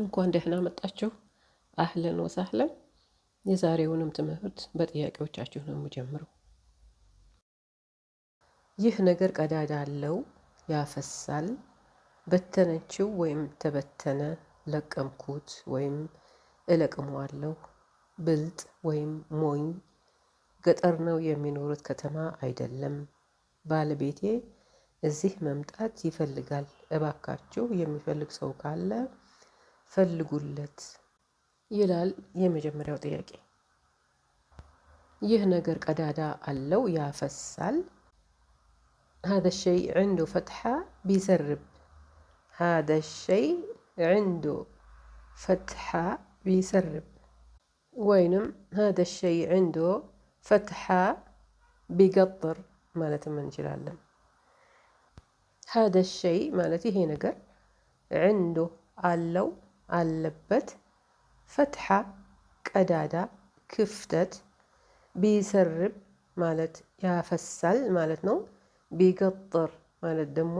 እንኳን ደህና መጣችሁ። አህለን ወሳህለን። የዛሬውንም ትምህርት በጥያቄዎቻችሁ ነው የምጀምረው። ይህ ነገር ቀዳዳ አለው፣ ያፈሳል። በተነችው ወይም ተበተነ፣ ለቀምኩት ወይም እለቅመዋለሁ። ብልጥ ወይም ሞኝ፣ ገጠር ነው የሚኖሩት ከተማ አይደለም። ባለቤቴ እዚህ መምጣት ይፈልጋል። እባካችሁ የሚፈልግ ሰው ካለ ፈልጉለት ይላል የመጀመሪያው ጥያቄ። ይህ ነገር ቀዳዳ አለው ያፈሳል። هذا الشيء عنده فتحة بيسرب هذا الشيء عنده فتحة بيسرب ወይንም هذا الشيء عنده فتحة ቢቀጥር ማለትም እንችላለን። هذا الشيء ማለት ይሄ ነገር عنده አለው አለበት። ፈትሐ ቀዳዳ ክፍተት ቢሰርብ ማለት ያፈሳል ማለት ነው። ቢገጥር ማለት ደግሞ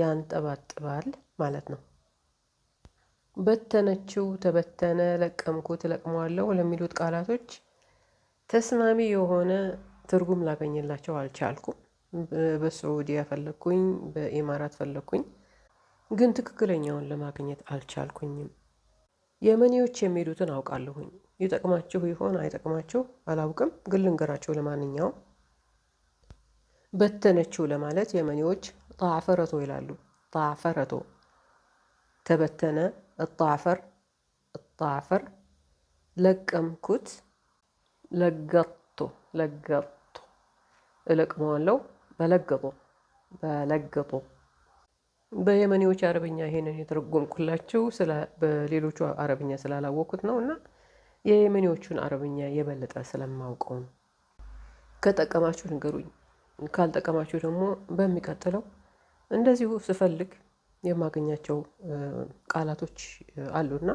ያንጠባጥባል ማለት ነው። በተነችው፣ ተበተነ፣ ለቀምኩት፣ ለቅመዋለሁ ለሚሉት ቃላቶች ተስማሚ የሆነ ትርጉም ላገኝላቸው አልቻልኩም። በስዑዲያ ፈለግኩኝ፣ በኢማራት ፈለግኩኝ፣ ግን ትክክለኛውን ለማግኘት አልቻልኩኝም። የመኔዎች የሚሄዱትን አውቃለሁኝ። ይጠቅማችሁ ይሆን አይጠቅማችሁ አላውቅም፣ ግን ልንገራችሁ። ለማንኛውም በተነችው ለማለት የመኔዎች ጣፈረቶ ይላሉ። ጣፈረቶ ተበተነ፣ እጣፈር እጣፈር፣ ለቀምኩት፣ ለገጦ ለገጦ፣ እለቅመዋለው፣ በለገጦ፣ በለገጦ በለገጦ በየመኔዎች አረብኛ ይሄንን የተረጎምኩላችሁ በሌሎቹ አረብኛ ስላላወቁት ነው እና የየመኔዎቹን አረብኛ የበለጠ ስለማውቀው ነው። ከጠቀማችሁ ንገሩኝ፣ ካልጠቀማችሁ ደግሞ በሚቀጥለው እንደዚሁ ስፈልግ የማገኛቸው ቃላቶች አሉ እና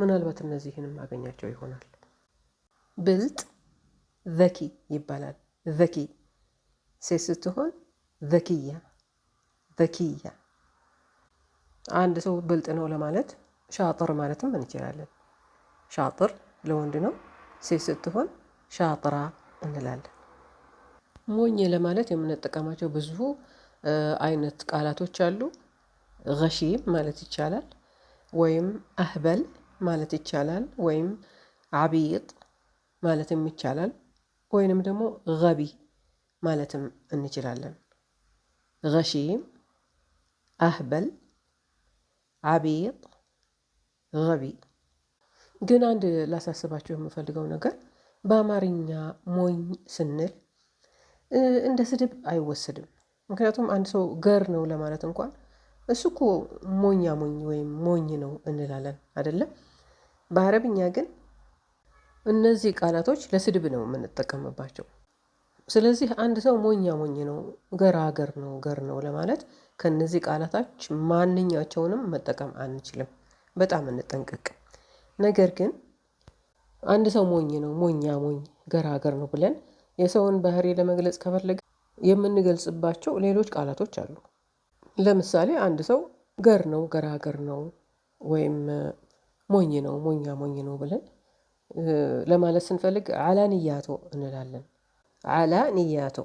ምናልባት እነዚህን የማገኛቸው ይሆናል። ብልጥ ዘኪ ይባላል። ዘኪ ሴት ስትሆን ዘኪያ ዘኪያ አንድ ሰው ብልጥ ነው ለማለት ሻጥር ማለትም እንችላለን። ሻጥር ለወንድ ነው፣ ሴት ስትሆን ሻጥራ እንላለን። ሞኝ ለማለት የምንጠቀማቸው ብዙ አይነት ቃላቶች አሉ። ገሺም ማለት ይቻላል፣ ወይም አህበል ማለት ይቻላል፣ ወይም አቢጥ ማለትም ይቻላል፣ ወይንም ደግሞ ገቢ ማለትም እንችላለን። ገሺም አህበል አቤጥ ረቢ ግን አንድ ላሳስባቸው የምፈልገው ነገር በአማርኛ ሞኝ ስንል እንደ ስድብ አይወሰድም። ምክንያቱም አንድ ሰው ገር ነው ለማለት እንኳን እሱ እኮ ሞኛ ሞኝ ወይም ሞኝ ነው እንላለን አይደለም። በአረብኛ ግን እነዚህ ቃላቶች ለስድብ ነው የምንጠቀምባቸው። ስለዚህ አንድ ሰው ሞኛ ሞኝ ነው፣ ገራገር ነው፣ ገር ነው ለማለት ከነዚህ ቃላታች ማንኛቸውንም መጠቀም አንችልም። በጣም እንጠንቀቅ። ነገር ግን አንድ ሰው ሞኝ ነው፣ ሞኛ ሞኝ፣ ገራገር ነው ብለን የሰውን ባህሪ ለመግለጽ ከፈለገ የምንገልጽባቸው ሌሎች ቃላቶች አሉ። ለምሳሌ አንድ ሰው ገር ነው፣ ገራገር ነው ወይም ሞኝ ነው፣ ሞኛ ሞኝ ነው ብለን ለማለት ስንፈልግ አላንያቶ እንላለን። አላንያቶ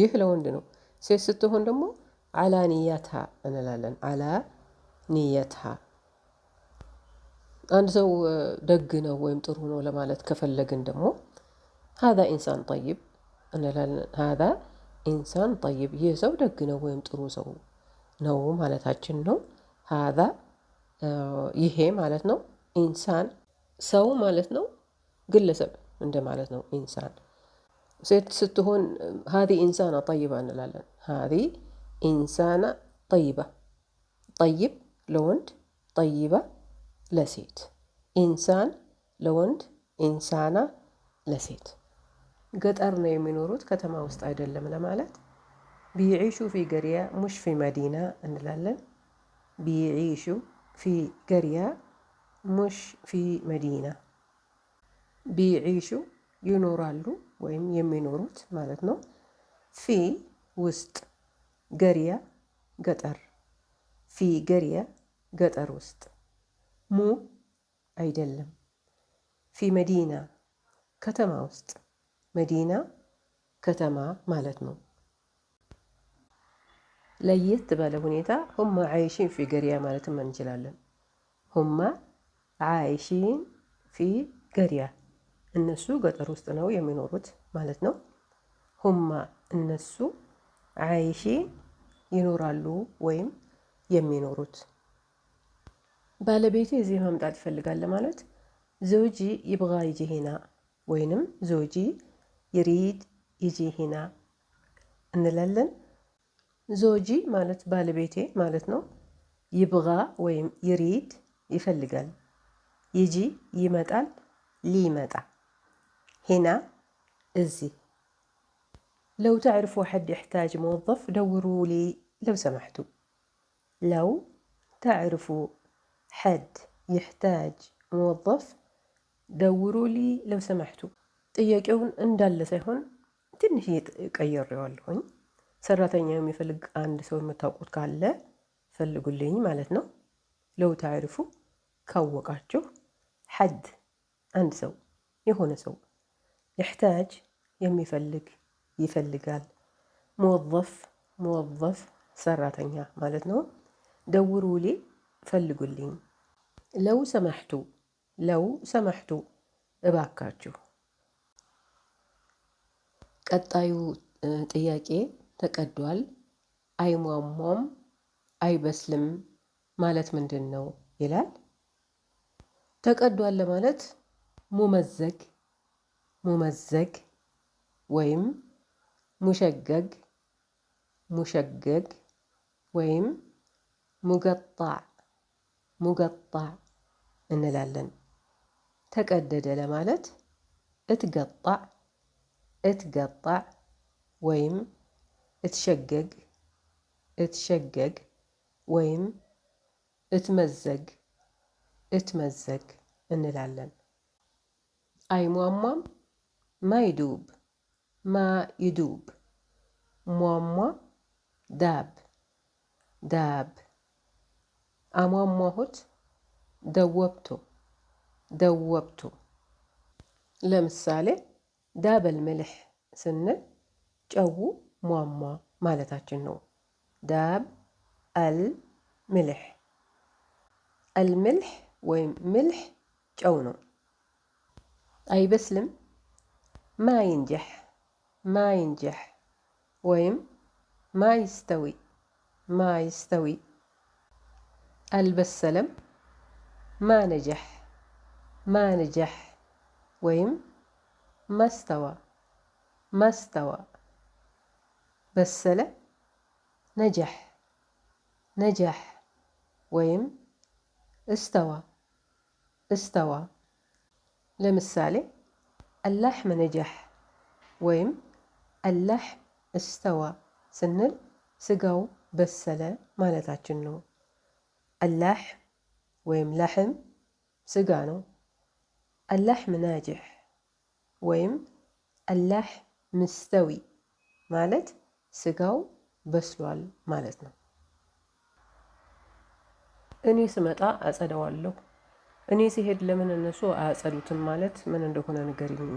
ይህ ለወንድ ነው። ሴት ስትሆን ደግሞ አላ ኒየታ እንላለን። አላ ኒየታ አንድ ሰው ደግ ነው ወይም ጥሩ ነው ለማለት ከፈለግን ደግሞ ሀዛ ኢንሳን ጠይብ እንላለን። ሀዛ ኢንሳን ጠይብ፣ ይህ ሰው ደግ ነው ወይም ጥሩ ሰው ነው ማለታችን ነው። ሀዛ ይሄ ማለት ነው። ኢንሳን ሰው ማለት ነው፣ ግለሰብ እንደ ማለት ነው። ኢንሳን ሴት ስትሆን ሀዚ ኢንሳን ጠይባ እንላለን። ሀዚ ኢንሳና ጠይባ ጠይብ ለወንድ ጠይባ ለሴት ኢንሳን ለወንድ ኢንሳና ለሴት ገጠር ነው የሚኖሩት ከተማ ውስጥ አይደለም ለማለት ቢዒሹ ፊ ገሪያ ሙሽ ፊ መዲና እንላለን ቢዒሹ ፊ ገሪያ ሙሽ ፊ መዲና ቢዒሹ ይኖራሉ ወይም የሚኖሩት ማለት ነው ፊ ውስጥ ገሪያ ገጠር ፊ ገሪያ ገጠር ውስጥ ሙ አይደለም ፊ መዲና ከተማ ውስጥ መዲና ከተማ ማለት ነው። ለየት ባለ ሁኔታ ሁማ አይሽን ፊ ገሪያ ማለትም እንችላለን። ሁማ አይሽን ፊ ገሪያ እነሱ ገጠር ውስጥ ነው የሚኖሩት ማለት ነው። ሁማ እነሱ አይሺ ይኖራሉ ወይም የሚኖሩት። ባለቤቴ እዚህ መምጣት ይፈልጋል ማለት ዘውጂ ይብጋ ይጂ ሂና ወይንም ዘውጂ ይሪድ ይጂ ሂና እንላለን። ዘውጂ ማለት ባለቤቴ ማለት ነው። ይብጋ ወይም ይሪድ ይፈልጋል። ይጂ ይመጣል፣ ሊመጣ ሂና እዚህ لو تعرفوا حد يحتاج موظف دوروا لي لو سمحتوا لو تعرفوا حد يحتاج موظፍ ደውሩ ሊ ለው ሰማሕቱ ጥያቄውን እንዳለ ሳይሆን ትንሽ ቀየሬዋለሁኝ። ሰራተኛ የሚፈልግ አንድ ሰው የምታውቁት ካለ ፈልጉልኝ ማለት ነው። ለው ታዕርፉ ካወቃችሁ ሐድ አንድ ሰው የሆነ ሰው ይሕታጅ የሚፈልግ ይፈልጋል። ሞወፍ ሞወፍ ሰራተኛ ማለት ነው። ደውሩሊ ፈልጉልኝ። ለው ሰማሕቱ ለው ሰማሕቱ እባካችሁ። ቀጣዩ ጥያቄ ተቀዷል። አይሟሟም አይበስልም ማለት ምንድን ነው ይላል። ተቀዷል ለማለት ሙመዘግ ሙመዘግ ወይም مشقق مشقق ويم مقطع مقطع انلالن تكدد مالت اتقطع اتقطع ويم اتشقق اتشقق ويم اتمزق اتمزق انلالن اي مؤمم ما يدوب ما يدوب ሟሟ ዳብ ዳብ አሟሟሁት ደወብቶ ደወብቶ ለምሳሌ ዳበል ምልህ ስንል ጨው ሟሟ ማለታችን ነው። ዳብ አል ምልህ አልምልህ ወይም ምልህ ጨው ነው። አይበስልም ማ ما ينجح ويم ما يستوي ما يستوي البسلم ما نجح ما نجح ويم ما استوى ما استوى بسلة نجح نجح ويم استوى استوى لمثالي اللحم نجح ويم አላህ እስተዋ ስንል ስጋው በሰለ ማለታችን ነው። አላህ ወይም ላህም ስጋ ነው። አላህ ምናጅሕ ወይም አላህ ምስተዊ ማለት ስጋው በስሏል ማለት ነው። እኔ ስመጣ አጸዳዋለሁ፣ እኔ ሲሄድ ለምን እነሱ አያጸዱትም ማለት ምን እንደሆነ ንገሪኝ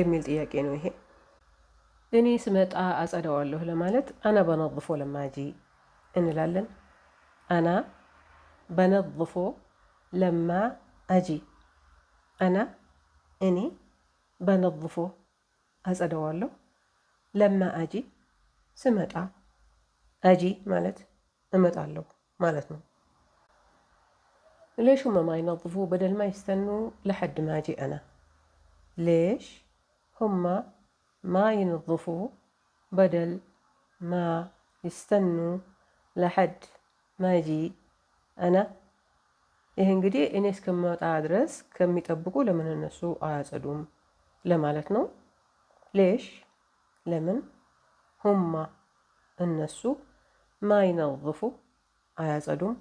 የሚል ጥያቄ ነው ይሄ። እኔ ስመጣ አጸዳዋለሁ ለማለት አና በነظፎ ለማጂ እንላለን። አና በነظፎ ለማ አጂ። አና እኔ በነظፎ አጸዳዋለሁ ለማ አጂ ስመጣ። አጂ ማለት እመጣለሁ ማለት ነው። ليش هم ما ينظفوا بدل ما يستنوا لحد ما اجي انا ليش هم ما ينظفوا بدل ما يستنوا ለሐድ ማጂ አና ይህ እንግዲህ እኔ እስከማወጣ ድረስ ከሚጠብቁ ለምን እነሱ አያጸዱም ለማለት ነው። ሌሽ ለምን ሁማ እነሱ ማይነظፉ አያጸዱም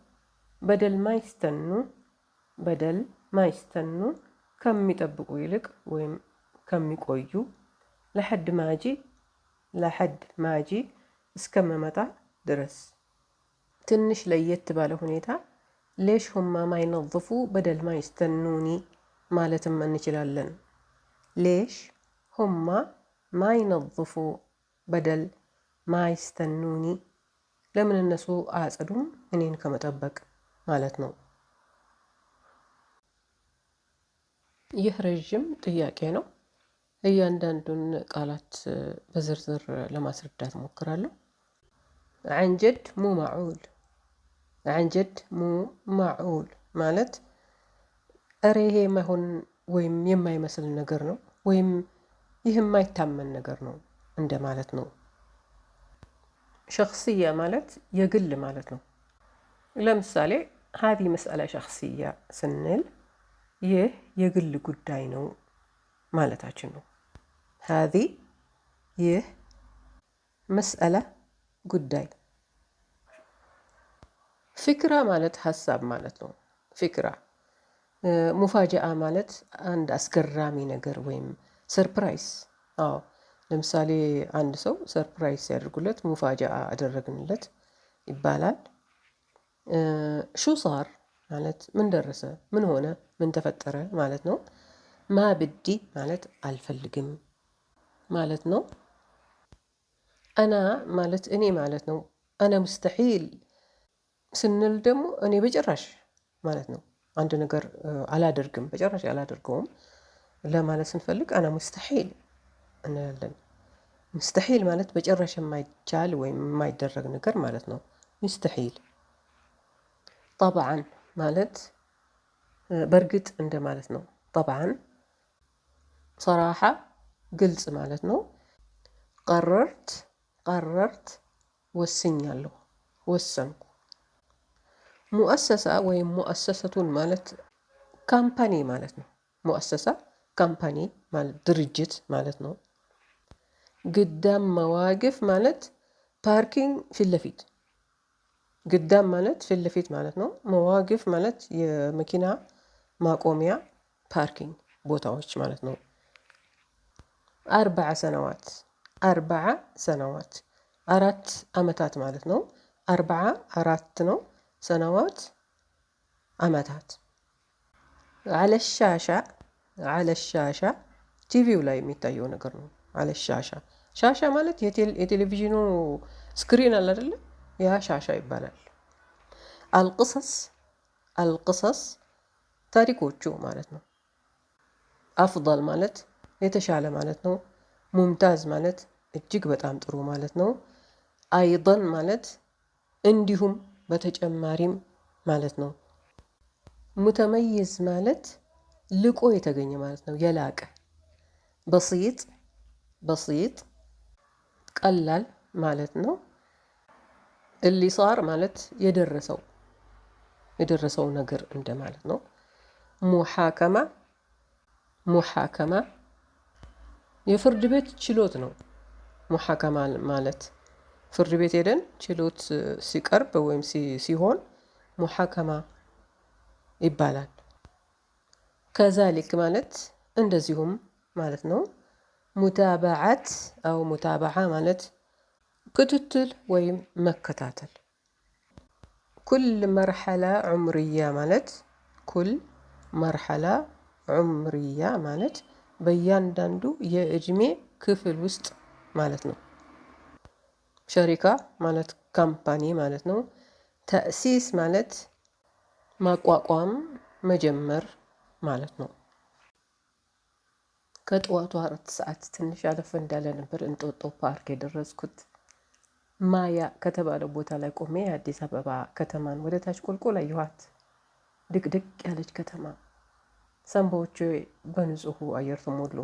በደል ማይስተኑ በደል ማይስተኑ ከሚጠብቁ ይልቅ ወይም ከሚቆዩ ለሐድ ማጂ ለሐድ ማጂ እስከመመጣ ድረስ ትንሽ ለየት ባለ ሁኔታ ሌሽ ሁማ ማይነظፉ በደል ማይስተኑኒ ማለትም እንችላለን። ሌሽ ሁማ ማይነظፉ በደል ማይስተኑኒ ለምን እነሱ አያጸዱም እኔን ከመጠበቅ ማለት ነው። ይህ ረዥም ጥያቄ ነው። እያንዳንዱን ቃላት በዝርዝር ለማስረዳት ሞክራለሁ። አንጀድ ሙ ማዑል معقول ሙ ማዑል ማለት እረ ይሄ የማይሆን ወይም የማይመስል ነገር ነው ወይም ይህ የማይታመን ነገር ነው ማለት ነው። ሸክስያ ማለት የግል ማለት ነው። ለምሳሌ ሀዲ መስአላ ሸክስያ ስንል ይህ የግል ጉዳይ ነው ማለታችን ነው። ሀዚ ይህ፣ መስአለ ጉዳይ፣ ፊክራ ማለት ሀሳብ ማለት ነው። ፊክራ ሙፋጃአ ማለት አንድ አስገራሚ ነገር ወይም ሰርፕራይዝ። አዎ ለምሳሌ አንድ ሰው ሰርፕራይዝ ሲያደርጉለት ሙፋጃአ አደረግንለት ይባላል። ሹሳር ማለት ምን ደረሰ፣ ምን ሆነ፣ ምን ተፈጠረ ማለት ነው። ما بدي مالت الفلقم مالت نو انا مالت اني مالت نو انا مستحيل سنلدم اني بجرش مالت نو عند نقر آه، على درقم بجرش على درقوم لا مالت سنفلق انا مستحيل انا لن. مستحيل مالت بجرش ما يتشال وين ما يدرق نقر مالت نو مستحيل طبعا مالت آه، برقد عند مالت نو طبعا ሰራሓ ግልጽ ማለት ነው። ቀረርት ቀረርት ወስኛለሁ፣ ወሰንኩ። ሙአሰሳ ወይም ሙአሰሰቱን ማለት ካምፓኒ ማለት ነው። ሙአሰሳ ካምፓኒ ድርጅት ማለት ነው። ግዳም መዋግፍ ማለት ፓርኪንግ ፊት ለፊት ግዳም ማለት ፊት ለፊት ማለት ነው። መዋግፍ ማለት የመኪና ማቆሚያ ፓርኪንግ ቦታዎች ማለት ነው። አርባዓ ሰነዋት አርባዓ ሰነዋት አራት አመታት ማለት ነው። አርባዓ አራት ነው። ሰነዋት አመታት። አለሻሻ አለሻሻ ቲቪው ላይ የሚታየው ነገር ነው። አለሻሻ ሻሻ ማለት የቴሌቪዥኑ ስክሪን አለ አይደለ? ያ ሻሻ ይባላል። አልቅሰስ አልቅሰስ ታሪኮቹ ማለት ነው። አፍዳል ማለት የተሻለ ማለት ነው። ሙምታዝ ማለት እጅግ በጣም ጥሩ ማለት ነው። አይደን ማለት እንዲሁም በተጨማሪም ማለት ነው። ሙተመይዝ ማለት ልቆ የተገኘ ማለት ነው። የላቀ በሲጥ በሲጥ ቀላል ማለት ነው። እሊሳር ማለት የደረሰው የደረሰው ነገር እንደማለት ነው። ሙሓከማ ሙሓከማ የፍርድ ቤት ችሎት ነው። ሙሐከማ ማለት ፍርድ ቤት ሄደን ችሎት ሲቀርብ ወይም ሲሆን ሙሐከማ ይባላል። ከዛሊክ ማለት እንደዚሁም ማለት ነው። ሙታባዓት አው ሙታባዓ ማለት ክትትል ወይም መከታተል። ኩል መርሐላ ዑምርያ ማለት ኩል መርሐላ ዑምርያ ማለት በእያንዳንዱ የእድሜ ክፍል ውስጥ ማለት ነው። ሸሪካ ማለት ካምፓኒ ማለት ነው። ተእሲስ ማለት ማቋቋም መጀመር ማለት ነው። ከጠዋቱ አራት ሰዓት ትንሽ አለፈ እንዳለ ነበር እንጦጦ ፓርክ የደረስኩት። ማያ ከተባለ ቦታ ላይ ቆሜ የአዲስ አበባ ከተማን ወደ ታች ቆልቆል አየኋት። ድቅድቅ ያለች ከተማ ሰንባዎች በንጹሑ አየር ተሞሉ።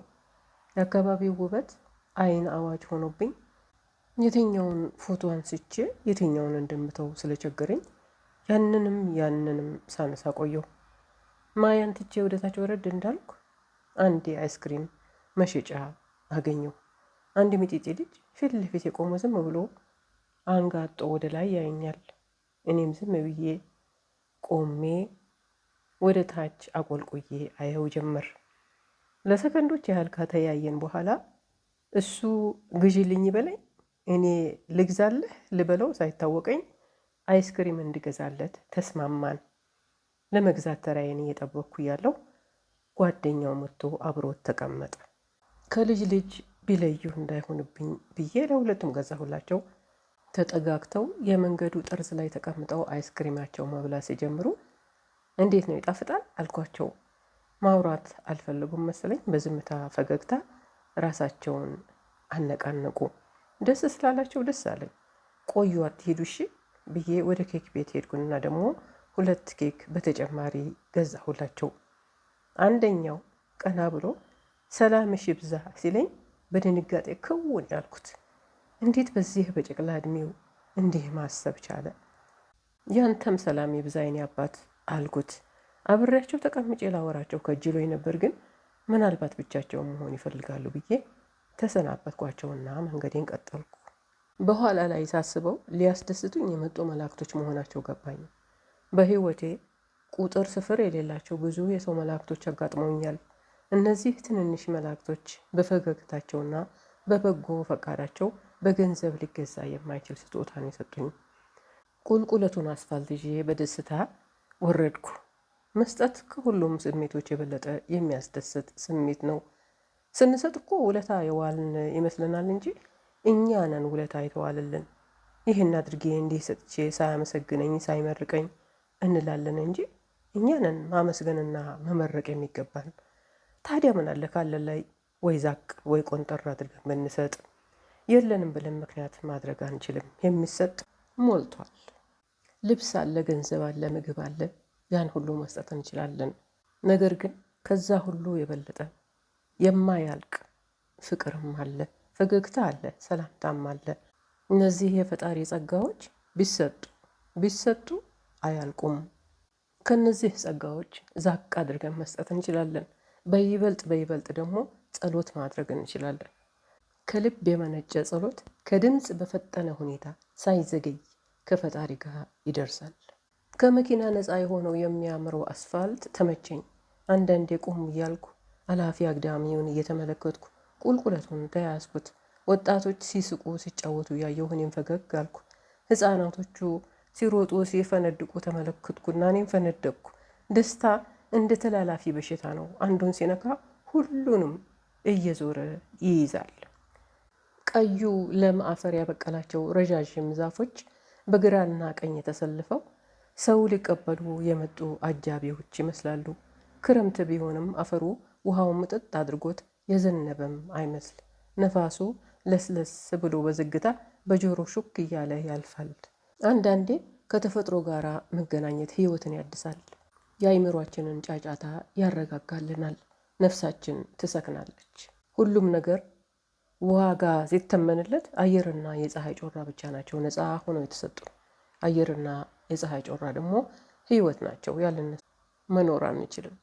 የአካባቢው ውበት አይን አዋጅ ሆኖብኝ የትኛውን ፎቶ አንስቼ የትኛውን እንደምተው ስለቸገረኝ ያንንም ያንንም ሳነሳ ቆየሁ። ማያን ትቼ ወደታች ወረድ እንዳልኩ አንድ የአይስክሪም መሸጫ አገኘሁ። አንድ ሚጢጢ ልጅ ፊት ለፊት የቆመ ዝም ብሎ አንጋጦ ወደ ላይ ያይኛል? እኔም ዝም ብዬ ቆሜ ወደ ታች አቆልቁዬ አየው ጀመር። ለሰከንዶች ያህል ከተያየን በኋላ እሱ ልኝ በለኝ እኔ ልግዛልህ ልበለው ሳይታወቀኝ አይስክሪም እንድገዛለት ተስማማን። ለመግዛት ተራዬን እየጠበቅኩ ያለው ጓደኛው መጥቶ አብሮት ተቀመጠ። ከልጅ ልጅ ቢለዩ እንዳይሆንብኝ ብዬ ለሁለቱም ገዛሁላቸው። ተጠጋግተው የመንገዱ ጠርዝ ላይ ተቀምጠው አይስክሪማቸው መብላት ሲጀምሩ እንዴት ነው ይጣፍጣል አልኳቸው። ማውራት አልፈለጉም መሰለኝ። በዝምታ ፈገግታ ራሳቸውን አነቃነቁ። ደስ ስላላቸው ደስ አለኝ። ቆዩ አትሄዱ እሺ ብዬ ወደ ኬክ ቤት ሄድኩንና ደግሞ ሁለት ኬክ በተጨማሪ ገዛሁላቸው። አንደኛው ቀና ብሎ ሰላምሽ ይብዛ ሲለኝ በድንጋጤ ክውን ያልኩት። እንዴት በዚህ በጨቅላ እድሜው እንዲህ ማሰብ ቻለ? ያንተም ሰላም ይብዛ የኔ አባት አልኩት። አብሬያቸው ተቀምጬ ላወራቸው ከጅሎኝ ነበር፣ ግን ምናልባት ብቻቸውን መሆን ይፈልጋሉ ብዬ ተሰናበትኳቸውና መንገዴን ቀጠልኩ። በኋላ ላይ ሳስበው ሊያስደስቱኝ የመጡ መላእክቶች መሆናቸው ገባኝ። በህይወቴ ቁጥር ስፍር የሌላቸው ብዙ የሰው መላእክቶች አጋጥመውኛል። እነዚህ ትንንሽ መላእክቶች በፈገግታቸውና በበጎ ፈቃዳቸው በገንዘብ ሊገዛ የማይችል ስጦታን የሰጡኝ። ቁልቁለቱን አስፋልት ይዤ በደስታ ወረድኩ። መስጠት ከሁሉም ስሜቶች የበለጠ የሚያስደስት ስሜት ነው። ስንሰጥ እኮ ውለታ የዋልን ይመስለናል እንጂ እኛ ነን ውለታ የተዋልልን። ይህን አድርጌ እንዲህ ሰጥቼ ሳያመሰግነኝ ሳይመርቀኝ እንላለን እንጂ እኛ ነን ማመስገንና መመረቅ የሚገባን። ታዲያ ምን አለ ካለ ላይ ወይ ዛቅ ወይ ቆንጠር አድርገን ብንሰጥ? የለንም ብለን ምክንያት ማድረግ አንችልም። የሚሰጥ ሞልቷል። ልብስ አለ፣ ገንዘብ አለ፣ ምግብ አለ፣ ያን ሁሉ መስጠት እንችላለን። ነገር ግን ከዛ ሁሉ የበለጠ የማያልቅ ፍቅርም አለ፣ ፈገግታ አለ፣ ሰላምታም አለ። እነዚህ የፈጣሪ ጸጋዎች ቢሰጡ ቢሰጡ አያልቁም። ከነዚህ ጸጋዎች ዛቅ አድርገን መስጠት እንችላለን። በይበልጥ በይበልጥ ደግሞ ጸሎት ማድረግ እንችላለን። ከልብ የመነጨ ጸሎት ከድምፅ በፈጠነ ሁኔታ ሳይዘገይ ከፈጣሪ ጋር ይደርሳል። ከመኪና ነፃ የሆነው የሚያምረው አስፋልት ተመቸኝ። አንዳንዴ ቁም እያልኩ አላፊ አግዳሚውን እየተመለከትኩ ቁልቁለቱን ተያያዝኩት። ወጣቶች ሲስቁ ሲጫወቱ ያየሁ እኔም ፈገግ አልኩ። ህፃናቶቹ ሲሮጡ ሲፈነድቁ ተመለከትኩና እኔም ፈነደቅኩ። ደስታ እንደ ተላላፊ በሽታ ነው። አንዱን ሲነካ ሁሉንም እየዞረ ይይዛል። ቀዩ ለም አፈር ያበቀላቸው ረዣዥም ዛፎች በግራና ቀኝ ተሰልፈው ሰው ሊቀበሉ የመጡ አጃቢዎች ይመስላሉ። ክረምት ቢሆንም አፈሩ ውሃው ምጥጥ አድርጎት የዘነበም አይመስል ነፋሱ ለስለስ ብሎ በዝግታ በጆሮ ሹክ እያለ ያልፋል። አንዳንዴ ከተፈጥሮ ጋር መገናኘት ሕይወትን ያድሳል። የአይምሯችንን ጫጫታ ያረጋጋልናል። ነፍሳችን ትሰክናለች። ሁሉም ነገር ዋጋ ጋር ሲተመንለት አየርና የፀሐይ ጮራ ብቻ ናቸው ነፃ ሆነው የተሰጡ። አየርና የፀሐይ ጮራ ደግሞ ህይወት ናቸው። ያለነ መኖር አንችልም።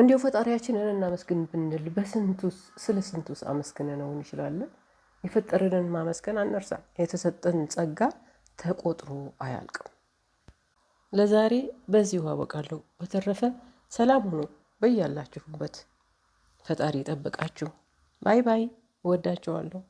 እንዲሁ ፈጣሪያችንን እናመስግን ብንል በስንቱስ ስለ ስንቱስ አመስግነነው እንችላለን። የፈጠረንን ማመስገን አነርሳ የተሰጠን ጸጋ ተቆጥሮ አያልቅም። ለዛሬ በዚሁ አበቃለሁ። በተረፈ ሰላም ሁኑ። በያላችሁበት ፈጣሪ ይጠብቃችሁ። ባይ ባይ። እወዳቸዋለሁ።